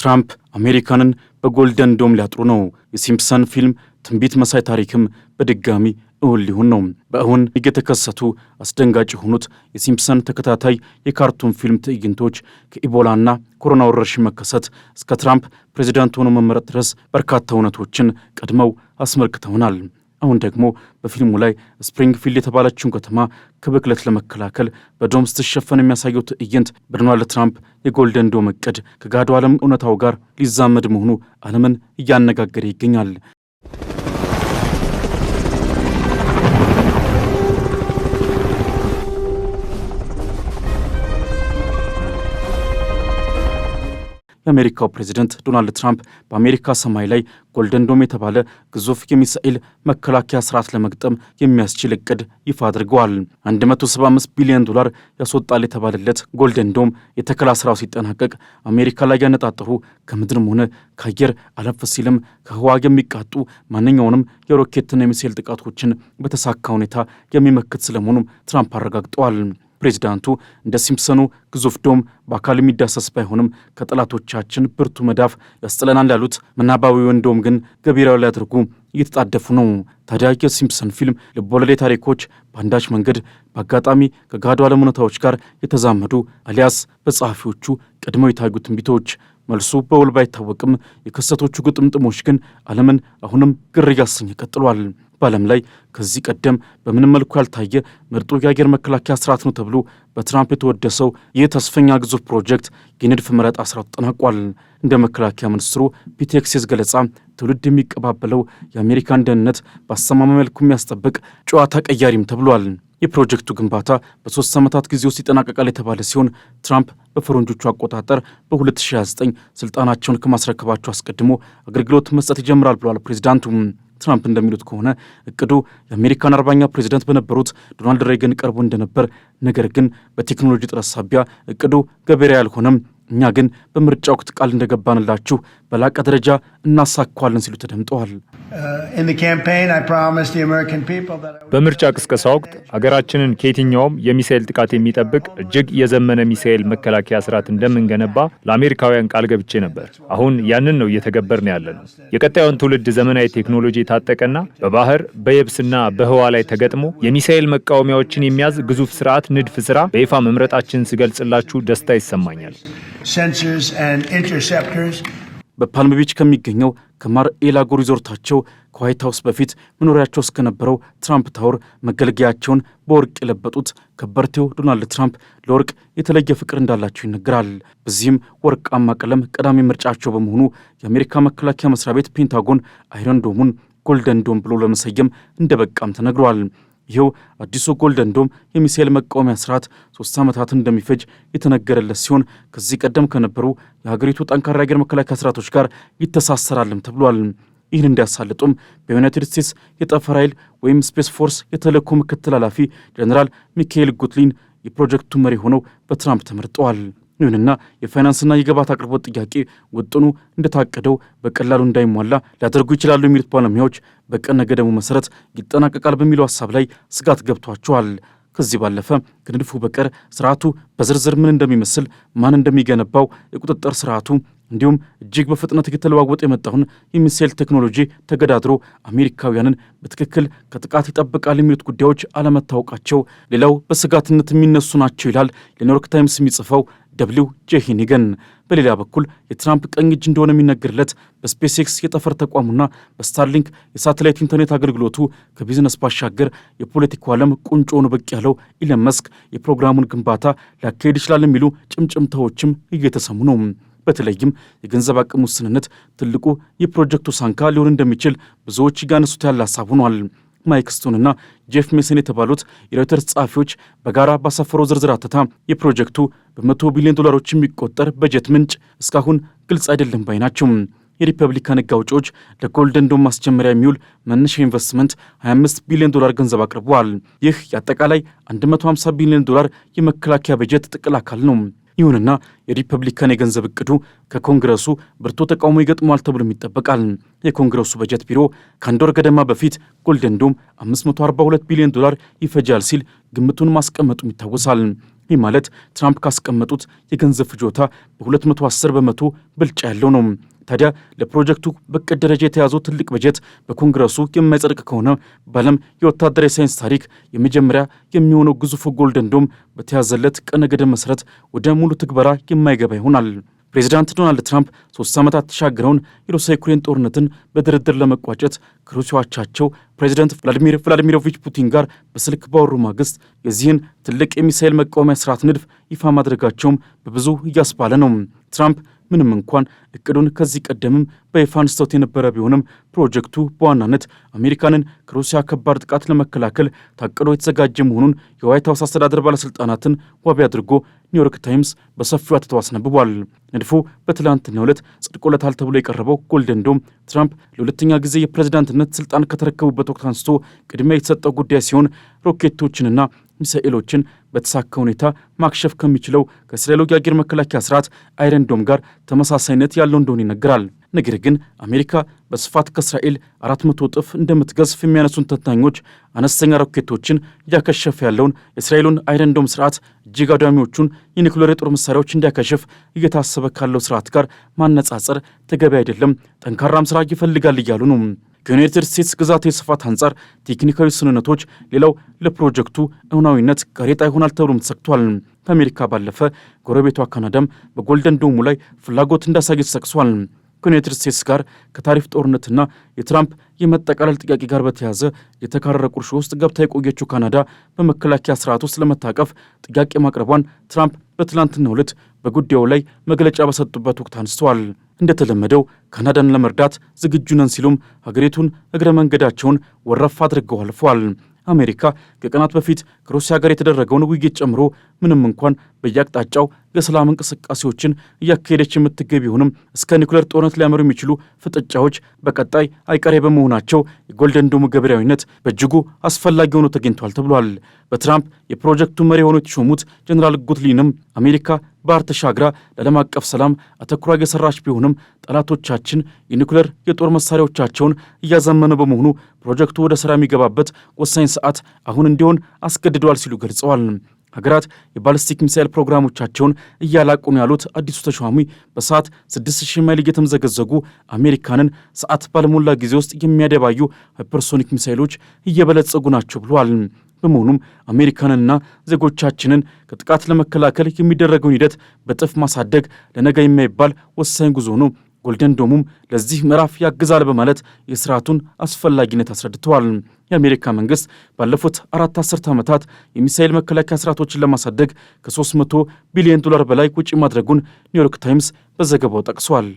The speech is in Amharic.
ትራምፕ አሜሪካንን በጎልደን ዶም ሊያጥሩ ነው። የሲምፕሰን ፊልም ትንቢት መሳይ ታሪክም በድጋሚ እውን ሊሆን ነው። በእውን እየተከሰቱ አስደንጋጭ የሆኑት የሲምፕሰን ተከታታይ የካርቱን ፊልም ትዕይንቶች ከኢቦላና ኮሮና ወረርሽኝ መከሰት እስከ ትራምፕ ፕሬዚዳንት ሆኖ መመረጥ ድረስ በርካታ እውነቶችን ቀድመው አስመልክተውናል። አሁን ደግሞ በፊልሙ ላይ ስፕሪንግፊልድ የተባለችውን ከተማ ከብክለት ለመከላከል በዶም ስትሸፈን የሚያሳየው ትዕይንት በዶናልድ ትራምፕ የጎልደን ዶም እቅድ ከጋዱ ዓለም እውነታው ጋር ሊዛመድ መሆኑ ዓለምን እያነጋገረ ይገኛል። የአሜሪካው ፕሬዚደንት ዶናልድ ትራምፕ በአሜሪካ ሰማይ ላይ ጎልደን ዶም የተባለ ግዙፍ የሚሳኤል መከላከያ ስርዓት ለመግጠም የሚያስችል እቅድ ይፋ አድርገዋል። 175 ቢሊዮን ዶላር ያስወጣል የተባለለት ጎልደን ዶም የተከላ ስራው ሲጠናቀቅ አሜሪካ ላይ ያነጣጠሩ ከምድርም ሆነ ከአየር አለፍ ሲልም ከህዋ የሚቃጡ ማንኛውንም የሮኬትና የሚሳኤል ጥቃቶችን በተሳካ ሁኔታ የሚመክት ስለመሆኑም ትራምፕ አረጋግጠዋል። ፕሬዚዳንቱ እንደ ሲምፕሰኑ ግዙፍ ዶም በአካል የሚዳሰስ ባይሆንም ከጠላቶቻችን ብርቱ መዳፍ ያስጥለናል ያሉት ምናባዊ ወንዶም ግን ገቢራዊ ሊያደርጉ እየተጣደፉ ነው። ታዲያ የሲምፕሰን ፊልም ልቦለሌ ታሪኮች በአንዳች መንገድ በአጋጣሚ ከጋዶ ዓለም እውነታዎች ጋር የተዛመዱ አሊያስ በጸሐፊዎቹ ቀድመው የታዩ ትንቢቶች መልሱ በውል ባይታወቅም የክስተቶቹ ግጥምጥሞች ግን ዓለምን አሁንም ግር እያሰኘ ቀጥሏል። በዓለም ላይ ከዚህ ቀደም በምንም መልኩ ያልታየ ምርጡ የአየር መከላከያ ስርዓት ነው ተብሎ በትራምፕ የተወደሰው ይህ ተስፈኛ ግዙፍ ፕሮጀክት የንድፍ መረጣ ስራው ተጠናቋል። እንደ መከላከያ ሚኒስትሩ ፒት ሄግሴዝ ገለጻ ትውልድ የሚቀባበለው የአሜሪካን ደህንነት በአስተማማኝ መልኩ የሚያስጠብቅ ጨዋታ ቀያሪም ተብሏል። የፕሮጀክቱ ግንባታ በሶስት ዓመታት ጊዜ ውስጥ ይጠናቀቃል የተባለ ሲሆን ትራምፕ በፈረንጆቹ አቆጣጠር በ2029 ስልጣናቸውን ከማስረከባቸው አስቀድሞ አገልግሎት መስጠት ይጀምራል ብለዋል ፕሬዚዳንቱ። ትራምፕ እንደሚሉት ከሆነ እቅዱ የአሜሪካን አርባኛ ፕሬዚደንት በነበሩት ዶናልድ ሬገን ቀርቦ እንደነበር፣ ነገር ግን በቴክኖሎጂ ጥረት ሳቢያ እቅዱ ገበሬ አልሆነም። እኛ ግን በምርጫ ወቅት ቃል እንደገባንላችሁ በላቀ ደረጃ እናሳኳለን ሲሉ ተደምጠዋል። በምርጫ ቅስቀሳ ወቅት አገራችንን ከየትኛውም የሚሳኤል ጥቃት የሚጠብቅ እጅግ የዘመነ ሚሳኤል መከላከያ ስርዓት እንደምንገነባ ለአሜሪካውያን ቃል ገብቼ ነበር። አሁን ያንን ነው እየተገበርን ያለ ነው። የቀጣዩን ትውልድ ዘመናዊ ቴክኖሎጂ የታጠቀና በባህር በየብስና በህዋ ላይ ተገጥሞ የሚሳኤል መቃወሚያዎችን የሚያዝ ግዙፍ ስርዓት ንድፍ ስራ በይፋ መምረጣችን ስገልጽላችሁ ደስታ ይሰማኛል። በፓልም ቢች ከሚገኘው ከማር ኤላጎ ሪዞርታቸው ከዋይት ሀውስ በፊት መኖሪያቸው እስከነበረው ትራምፕ ታወር መገልገያቸውን በወርቅ የለበጡት ከበርቴው ዶናልድ ትራምፕ ለወርቅ የተለየ ፍቅር እንዳላቸው ይነገራል። በዚህም ወርቃማ ቀለም ቀዳሚ ምርጫቸው በመሆኑ የአሜሪካ መከላከያ መስሪያ ቤት ፔንታጎን አይረን ዶሙን ጎልደን ዶም ብሎ ለመሰየም እንደበቃም ተነግሯል። ይኸው አዲሱ ጎልደን ዶም የሚሳኤል መቃወሚያ ስርዓት ሶስት ዓመታትን እንደሚፈጅ የተነገረለት ሲሆን ከዚህ ቀደም ከነበሩ የሀገሪቱ ጠንካራ የአገር መከላከያ ስርዓቶች ጋር ይተሳሰራልም ተብሏል። ይህን እንዲያሳልጡም በዩናይትድ ስቴትስ የጠፈር ኃይል ወይም ስፔስ ፎርስ የተልእኮ ምክትል ኃላፊ ጀኔራል ሚካኤል ጉትሊን የፕሮጀክቱ መሪ ሆነው በትራምፕ ተመርጠዋል። ይሁንና የፋይናንስና የግብዓት አቅርቦት ጥያቄ ውጥኑ እንደታቀደው በቀላሉ እንዳይሟላ ሊያደርጉ ይችላሉ የሚሉት ባለሙያዎች በቀነ ገደቡ መሰረት ይጠናቀቃል በሚለው ሀሳብ ላይ ስጋት ገብቷቸዋል። ከዚህ ባለፈ ከንድፉ በቀር ስርዓቱ በዝርዝር ምን እንደሚመስል፣ ማን እንደሚገነባው፣ የቁጥጥር ስርዓቱ እንዲሁም እጅግ በፍጥነት እየተለዋወጠ የመጣውን የሚሳይል ቴክኖሎጂ ተገዳድሮ አሜሪካውያንን በትክክል ከጥቃት ይጠብቃል የሚሉት ጉዳዮች አለመታወቃቸው ሌላው በስጋትነት የሚነሱ ናቸው ይላል ለኒውዮርክ ታይምስ የሚጽፈው ደብሊው ጄሂኒገን። በሌላ በኩል የትራምፕ ቀኝ እጅ እንደሆነ የሚነገርለት በስፔስ ኤክስ የጠፈር ተቋሙና በስታርሊንክ የሳተላይት ኢንተርኔት አገልግሎቱ ከቢዝነስ ባሻገር የፖለቲካው ዓለም ቁንጮ ሆኖ ብቅ ያለው ኢለን መስክ የፕሮግራሙን ግንባታ ሊያካሄድ ይችላል የሚሉ ጭምጭምታዎችም እየተሰሙ ነው። በተለይም የገንዘብ አቅም ውስንነት ትልቁ የፕሮጀክቱ ሳንካ ሊሆን እንደሚችል ብዙዎች ጋነሱት ያለ ሀሳብ ሆኗል። ማይክ ስቶንና ጄፍ ሜሰን የተባሉት የሮይተርስ ጸሐፊዎች በጋራ ባሰፈረው ዝርዝር አተታ የፕሮጀክቱ በመቶ ቢሊዮን ዶላሮች የሚቆጠር በጀት ምንጭ እስካሁን ግልጽ አይደለም ባይ ናቸው። የሪፐብሊካን ሕግ አውጪዎች ለጎልደን ዶም ማስጀመሪያ የሚውል መነሻ ኢንቨስትመንት 25 ቢሊዮን ዶላር ገንዘብ አቅርበዋል። ይህ የአጠቃላይ 150 ቢሊዮን ዶላር የመከላከያ በጀት ጥቅል አካል ነው። ይሁንና የሪፐብሊካን የገንዘብ እቅዱ ከኮንግረሱ ብርቱ ተቃውሞ ይገጥመዋል ተብሎም ይጠበቃል። የኮንግረሱ በጀት ቢሮ ከአንድ ወር ገደማ በፊት ጎልደን ዶም 542 ቢሊዮን ዶላር ይፈጃል ሲል ግምቱን ማስቀመጡም ይታወሳል። ይህ ማለት ትራምፕ ካስቀመጡት የገንዘብ ፍጆታ በ210 በመቶ ብልጫ ያለው ነው። ታዲያ ለፕሮጀክቱ በእቅድ ደረጃ የተያዘው ትልቅ በጀት በኮንግረሱ የማይጸድቅ ከሆነ በዓለም የወታደራዊ ሳይንስ ታሪክ የመጀመሪያ የሚሆነው ግዙፉ ጎልደን ዶም በተያዘለት ቀነ ገደብ መሰረት ወደ ሙሉ ትግበራ የማይገባ ይሆናል። ፕሬዚዳንት ዶናልድ ትራምፕ ሶስት ዓመታት ተሻግረውን የሩሲያ ዩክሬን ጦርነትን በድርድር ለመቋጨት ከሩሲያዎቻቸው ፕሬዚደንት ቭላዲሚር ቭላዲሚሮቪች ፑቲን ጋር በስልክ ባወሩ ማግስት የዚህን ትልቅ የሚሳኤል መቃወሚያ ስርዓት ንድፍ ይፋ ማድረጋቸውም በብዙ እያስባለ ነው። ትራምፕ ምንም እንኳን እቅዱን ከዚህ ቀደምም በይፋ አንስተውት የነበረ ቢሆንም ፕሮጀክቱ በዋናነት አሜሪካንን ከሩሲያ ከባድ ጥቃት ለመከላከል ታቅዶ የተዘጋጀ መሆኑን የዋይት ሀውስ አስተዳደር ባለሥልጣናትን ዋቢ አድርጎ ኒውዮርክ ታይምስ በሰፊው አትተው አስነብቧል። ንድፉ በትላንትናው ዕለት ጸድቆለታል ተብሎ የቀረበው ጎልደን ዶም ትራምፕ ለሁለተኛ ጊዜ የፕሬዚዳንትነት ስልጣን ከተረከቡበት ወቅት አንስቶ ቅድሚያ የተሰጠው ጉዳይ ሲሆን ሮኬቶችንና ሚሳኤሎችን በተሳካ ሁኔታ ማክሸፍ ከሚችለው ከእስራኤሉ የአየር መከላከያ ስርዓት አይረንዶም ጋር ተመሳሳይነት ያለው እንደሆነ ይነገራል። ነገር ግን አሜሪካ በስፋት ከእስራኤል 400 እጥፍ እንደምትገዝፍ የሚያነሱን ተንታኞች አነስተኛ ሮኬቶችን እያከሸፈ ያለውን የእስራኤሉን አይረንዶም ስርዓት እጅግ አውዳሚዎቹን የኒኩሌር የጦር መሳሪያዎች እንዲያከሽፍ እየታሰበ ካለው ስርዓት ጋር ማነጻጸር ተገቢ አይደለም፣ ጠንካራም ስራ ይፈልጋል እያሉ ነው። ከዩናይትድ ስቴትስ ግዛት የስፋት አንጻር ቴክኒካዊ ስንነቶች ሌላው ለፕሮጀክቱ እውናዊነት ጋሬጣ ይሆናል ተብሎም ተሰግቷል። ከአሜሪካ ባለፈ ጎረቤቷ ካናዳም በጎልደን ዶሙ ላይ ፍላጎት እንዳሳየች ተጠቅሷል። ከዩናይትድ ስቴትስ ጋር ከታሪፍ ጦርነትና የትራምፕ የመጠቃለል ጥያቄ ጋር በተያዘ የተካረረ ቁርሾ ውስጥ ገብታ የቆየችው ካናዳ በመከላከያ ስርዓት ውስጥ ለመታቀፍ ጥያቄ ማቅረቧን ትራምፕ በትላንትናው ዕለት በጉዳዩ ላይ መግለጫ በሰጡበት ወቅት አንስተዋል። እንደተለመደው ካናዳን ለመርዳት ዝግጁ ነን ሲሉም ሀገሪቱን እግረ መንገዳቸውን ወረፋ አድርገው አልፈዋል። አሜሪካ ከቀናት በፊት ከሩሲያ ጋር የተደረገውን ውይይት ጨምሮ ምንም እንኳን በየአቅጣጫው የሰላም እንቅስቃሴዎችን እያካሄደች የምትገኝ ቢሆንም እስከ ኒውክሌር ጦርነት ሊያመሩ የሚችሉ ፍጥጫዎች በቀጣይ አይቀሬ በመሆናቸው የጎልደን ዶሙ ገበሬያዊነት በእጅጉ አስፈላጊ ሆኖ ተገኝቷል ተብሏል። በትራምፕ የፕሮጀክቱ መሪ ሆኖ የተሾሙት ጀኔራል ጉትሊንም አሜሪካ ባህር ተሻግራ ለዓለም አቀፍ ሰላም አተኩራ የሰራች ቢሆንም ጠላቶቻችን የኒውክሌር የጦር መሳሪያዎቻቸውን እያዘመኑ በመሆኑ ፕሮጀክቱ ወደ ስራ የሚገባበት ወሳኝ ሰዓት አሁን እንዲሆን አስገድደዋል ሲሉ ገልጸዋል። ሀገራት የባለስቲክ ሚሳይል ፕሮግራሞቻቸውን እያላቁ ነው ያሉት አዲሱ ተሿሚ በሰዓት 6000 ማይል እየተምዘገዘጉ አሜሪካንን ሰዓት ባልሞላ ጊዜ ውስጥ የሚያደባዩ ሃይፐርሶኒክ ሚሳይሎች እየበለጸጉ ናቸው ብለዋል። በመሆኑም አሜሪካንና ዜጎቻችንን ከጥቃት ለመከላከል የሚደረገውን ሂደት በጥፍ ማሳደግ ለነገ የማይባል ወሳኝ ጉዞ ነው ጎልደን ዶሙም ለዚህ ምዕራፍ ያግዛል በማለት የስርዓቱን አስፈላጊነት አስረድተዋል። የአሜሪካ መንግስት ባለፉት አራት አስርት ዓመታት የሚሳኤል መከላከያ ስርዓቶችን ለማሳደግ ከ300 ቢሊዮን ዶላር በላይ ውጪ ማድረጉን ኒውዮርክ ታይምስ በዘገባው ጠቅሷል።